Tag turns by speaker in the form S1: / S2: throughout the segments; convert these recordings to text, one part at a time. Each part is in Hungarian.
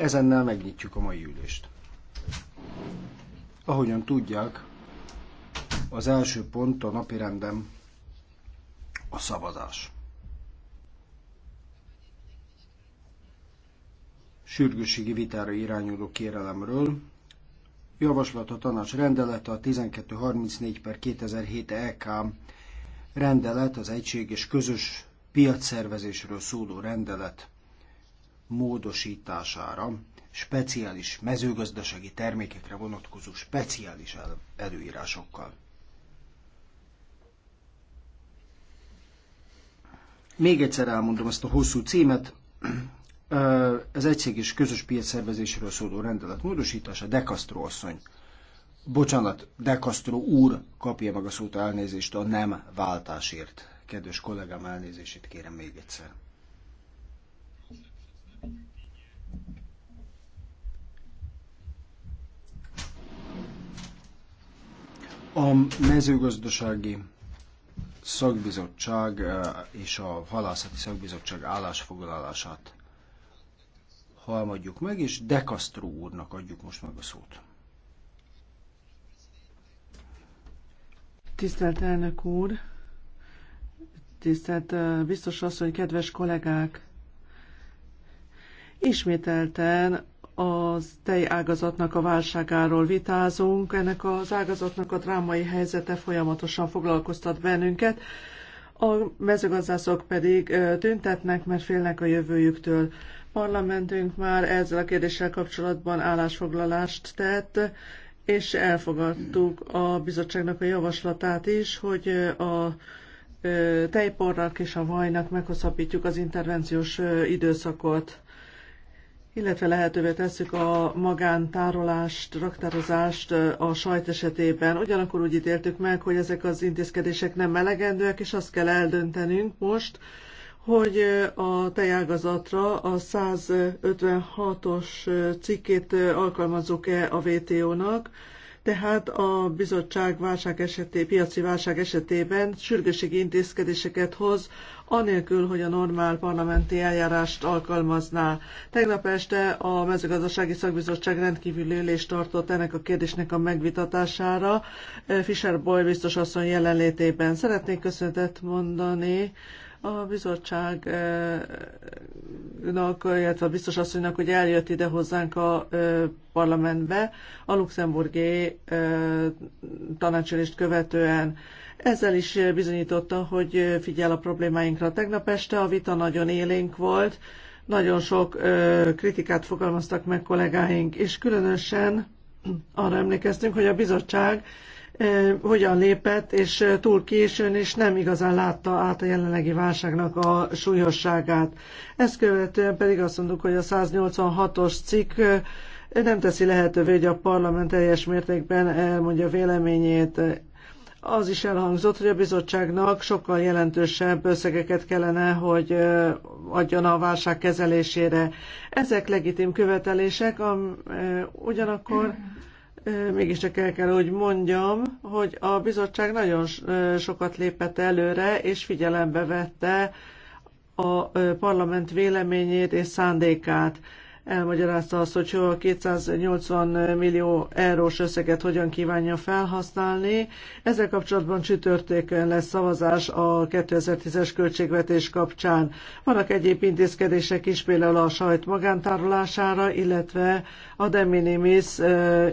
S1: Ezennel megnyitjuk a mai ülést. Ahogyan tudják, az első pont a rendem a szavazás. Sürgősségi vitára irányuló kérelemről javaslat a tanács rendelete a 1234 per 2007 EK rendelet, az egység és közös piacszervezésről szóló rendelet módosítására, speciális mezőgazdasági termékekre vonatkozó speciális előírásokkal. Még egyszer elmondom ezt a hosszú címet. Ez és közös piac szervezésről szóló rendelet módosítása, De Castro asszony. Bocsánat, De Castro úr kapja meg a szót elnézést a nem váltásért. Kedves kollégám, elnézését kérem még egyszer. A mezőgazdasági szakbizottság eh, és a halászati szakbizottság állásfoglalását halmadjuk meg, és Dekasztró úrnak adjuk most meg a szót.
S2: Tisztelt elnök úr, tisztelt eh, biztos asszony, kedves kollégák! Ismételten az tejágazatnak a válságáról vitázunk. Ennek az ágazatnak a drámai helyzete folyamatosan foglalkoztat bennünket, a mezőgazdászok pedig tüntetnek, mert félnek a jövőjüktől. Parlamentünk már ezzel a kérdéssel kapcsolatban állásfoglalást tett, és elfogadtuk a bizottságnak a javaslatát is, hogy a tejporrak és a vajnak meghosszabbítjuk az intervenciós időszakot illetve lehetővé tesszük a magántárolást, raktározást a sajt esetében. Ugyanakkor úgy ítéltük meg, hogy ezek az intézkedések nem melegendőek, és azt kell eldöntenünk most, hogy a tejágazatra a 156-os cikkét alkalmazzuk-e a WTO-nak, tehát a bizottság válság esetében, piaci válság esetében sürgőségi intézkedéseket hoz, anélkül, hogy a normál parlamenti eljárást alkalmazná. Tegnap este a mezőgazdasági szakbizottság rendkívüli ülést tartott ennek a kérdésnek a megvitatására. Fischer Boy biztos asszony jelenlétében szeretnék köszönetet mondani a bizottságnak, illetve a biztos asszonynak, hogy eljött ide hozzánk a parlamentbe a luxemburgi tanácsülést követően. Ezzel is bizonyította, hogy figyel a problémáinkra. Tegnap este a vita nagyon élénk volt, nagyon sok ö, kritikát fogalmaztak meg kollégáink, és különösen arra emlékeztünk, hogy a bizottság hogyan lépett, és túl későn, és nem igazán látta át a jelenlegi válságnak a súlyosságát. Ezt követően pedig azt mondjuk, hogy a 186-os cikk nem teszi lehetővé, hogy a parlament teljes mértékben elmondja véleményét. Az is elhangzott, hogy a bizottságnak sokkal jelentősebb összegeket kellene, hogy adjon a válság kezelésére. Ezek legitim követelések, ugyanakkor mégiscsak el kell, hogy mondjam, hogy a bizottság nagyon sokat lépett előre, és figyelembe vette a parlament véleményét és szándékát elmagyarázta azt, hogy a 280 millió eurós összeget hogyan kívánja felhasználni. Ezzel kapcsolatban csütörtökön lesz szavazás a 2010-es költségvetés kapcsán. Vannak egyéb intézkedések is, például a sajt magántárolására, illetve a de minimis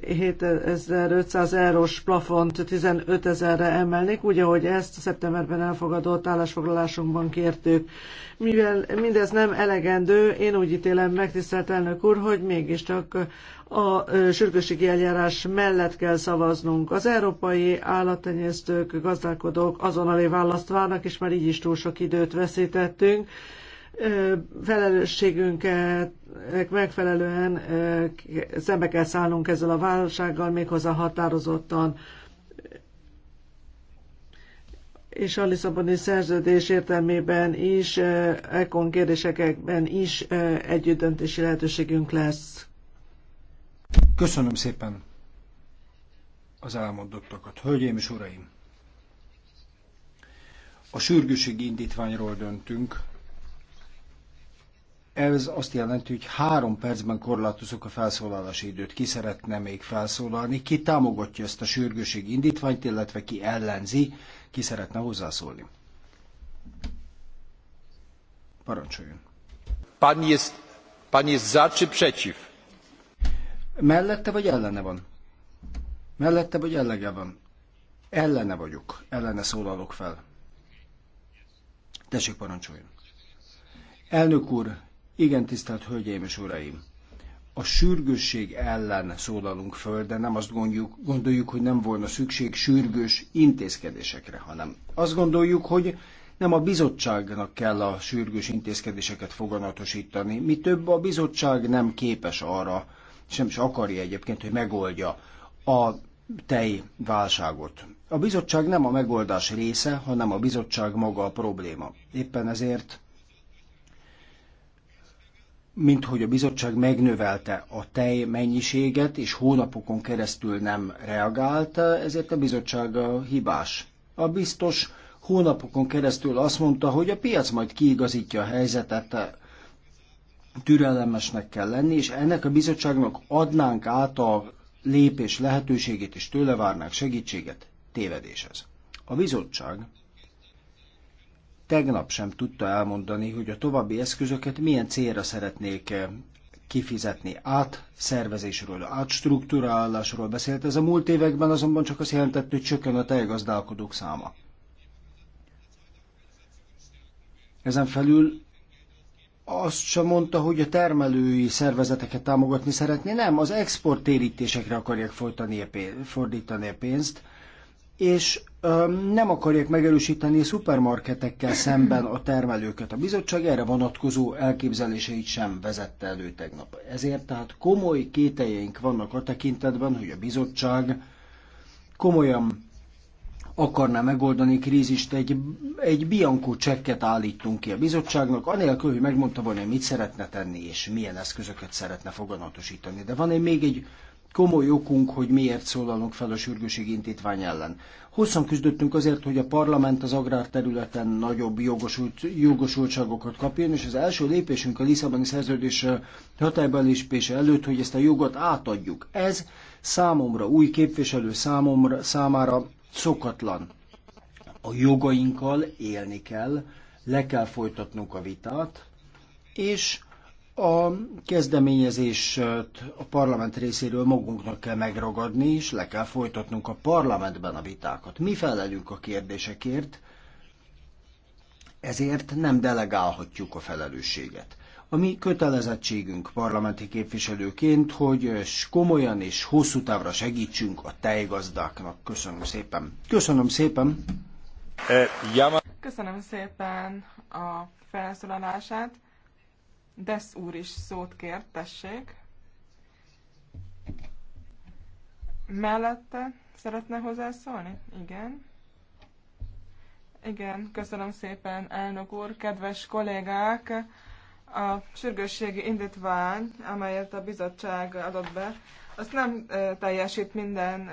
S2: 7500 eurós plafont 15 ezerre emelnék, úgy, ahogy ezt szeptemberben elfogadott állásfoglalásunkban kértük. Mivel mindez nem elegendő, én úgy ítélem meg, elnök úr, hogy mégiscsak a sürgősségi eljárás mellett kell szavaznunk. Az európai állattenyésztők, gazdálkodók azonnali választ várnak, és már így is túl sok időt veszítettünk felelősségünket megfelelően szembe kell szállnunk ezzel a válsággal, méghozzá határozottan és a Lisszaboni szerződés értelmében is, ekon kérdésekben is együttdöntési
S1: lehetőségünk lesz. Köszönöm szépen az elmondottakat. Hölgyeim és uraim! A sürgőségi indítványról döntünk, ez azt jelenti, hogy három percben korlátozok a felszólalási időt. Ki szeretne még felszólalni, ki támogatja ezt a sürgőség indítványt, illetve ki ellenzi, ki szeretne hozzászólni. Parancsoljon. Pani jest, pan jest za czy przeciw? Mellette vagy ellene van? Mellette vagy ellege van? Ellene vagyok, ellene szólalok fel. Tessék, parancsoljon. Elnök úr, igen, tisztelt Hölgyeim és Uraim! A sürgősség ellen szólalunk föl, de nem azt gondoljuk, gondoljuk, hogy nem volna szükség sürgős intézkedésekre, hanem azt gondoljuk, hogy nem a bizottságnak kell a sürgős intézkedéseket foganatosítani. Mi több, a bizottság nem képes arra, sem is akarja egyébként, hogy megoldja a tej válságot. A bizottság nem a megoldás része, hanem a bizottság maga a probléma. Éppen ezért mint hogy a bizottság megnövelte a tej mennyiséget, és hónapokon keresztül nem reagált, ezért a bizottság hibás. A biztos hónapokon keresztül azt mondta, hogy a piac majd kiigazítja a helyzetet, türelemesnek kell lenni, és ennek a bizottságnak adnánk át a lépés lehetőségét, és tőle várnánk segítséget. Tévedés ez. A bizottság tegnap sem tudta elmondani, hogy a további eszközöket milyen célra szeretnék eh, kifizetni. Át át átstruktúrálásról beszélt ez a múlt években, azonban csak azt jelentett, hogy csökken a tejgazdálkodók száma. Ezen felül azt sem mondta, hogy a termelői szervezeteket támogatni szeretné, nem, az exportérítésekre akarják fordítani a pénzt és nem akarják megerősíteni a szupermarketekkel szemben a termelőket. A bizottság erre vonatkozó elképzeléseit sem vezette elő tegnap. Ezért tehát komoly kételjeink vannak a tekintetben, hogy a bizottság komolyan akarná megoldani krízist, egy, egy biankó csekket állítunk ki a bizottságnak, anélkül, hogy megmondta volna, mit szeretne tenni, és milyen eszközöket szeretne foganatosítani. De van egy még egy komoly okunk, hogy miért szólalunk fel a sürgőségi intítvány ellen. Hosszan küzdöttünk azért, hogy a parlament az agrárterületen nagyobb jogosult, jogosultságokat kapjon, és az első lépésünk a Lisszaboni szerződés hatályba lépése előtt, hogy ezt a jogot átadjuk. Ez számomra, új képviselő számomra, számára szokatlan. A jogainkkal élni kell, le kell folytatnunk a vitát, és a kezdeményezést a parlament részéről magunknak kell megragadni, és le kell folytatnunk a parlamentben a vitákat. Mi felelünk a kérdésekért, ezért nem delegálhatjuk a felelősséget. A mi kötelezettségünk parlamenti képviselőként, hogy komolyan és hosszú távra segítsünk a tejgazdáknak. Köszönöm szépen. Köszönöm szépen. Eh,
S3: Köszönöm szépen a felszólalását. Desz úr is szót kért, tessék. Mellette szeretne hozzászólni? Igen. Igen, köszönöm szépen, elnök úr, kedves kollégák! A sürgősségi indítvány, amelyet a bizottság adott be, azt nem teljesít minden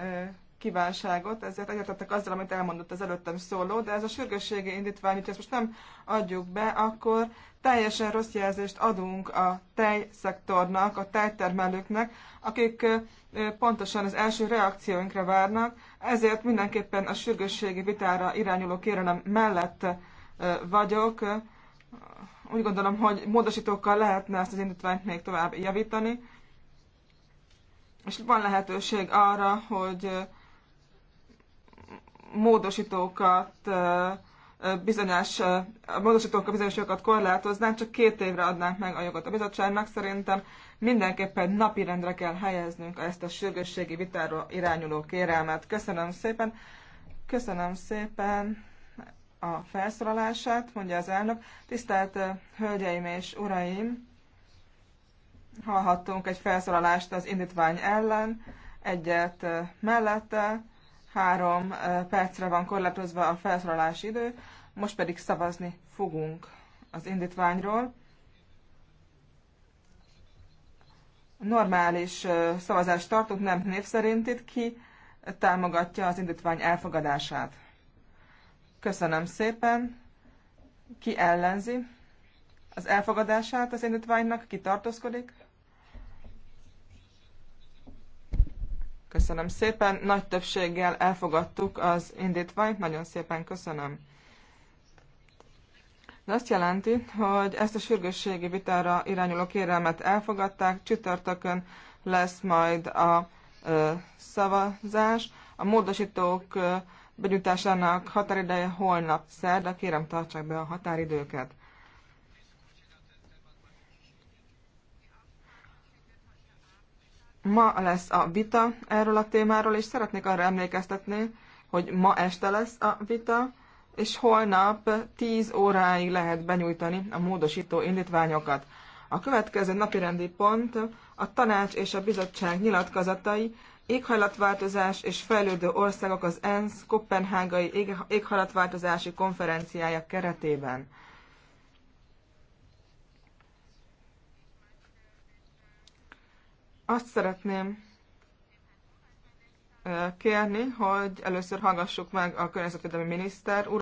S3: kívánságot, ezért egyetettek azzal, amit elmondott az előttem szóló, de ez a sürgősségi indítvány, hogyha ezt most nem adjuk be, akkor teljesen rossz jelzést adunk a tejszektornak, a tejtermelőknek, akik pontosan az első reakcióinkra várnak, ezért mindenképpen a sürgősségi vitára irányuló kérelem mellett vagyok. Úgy gondolom, hogy módosítókkal lehetne ezt az indítványt még tovább javítani, és van lehetőség arra, hogy módosítókat bizonyos, a a bizonyos jogokat korlátoznánk, csak két évre adnánk meg a jogot a bizottságnak. Szerintem mindenképpen napirendre kell helyeznünk ezt a sürgősségi vitáról irányuló kérelmet. Köszönöm szépen. Köszönöm szépen a felszólalását, mondja az elnök. Tisztelt Hölgyeim és Uraim! Hallhattunk egy felszólalást az indítvány ellen, egyet mellette, Három percre van korlátozva a felszólalási idő, most pedig szavazni fogunk az indítványról. Normális szavazást tartunk, nem név szerint itt ki támogatja az indítvány elfogadását. Köszönöm szépen. Ki ellenzi az elfogadását az indítványnak, ki tartózkodik? Köszönöm szépen, nagy többséggel elfogadtuk az indítványt, nagyon szépen köszönöm. Ez azt jelenti, hogy ezt a sürgősségi vitára irányuló kérelmet elfogadták, csütörtökön lesz majd a ö, szavazás. A módosítók ö, benyújtásának határideje holnap szerda, kérem tartsák be a határidőket. Ma lesz a vita erről a témáról, és szeretnék arra emlékeztetni, hogy ma este lesz a vita, és holnap 10 óráig lehet benyújtani a módosító indítványokat. A következő napirendi pont a tanács és a bizottság nyilatkozatai éghajlatváltozás és fejlődő országok az ENSZ Kopenhágai éghajlatváltozási konferenciája keretében. Azt szeretném kérni, hogy először hallgassuk meg a környezetvédelmi miniszter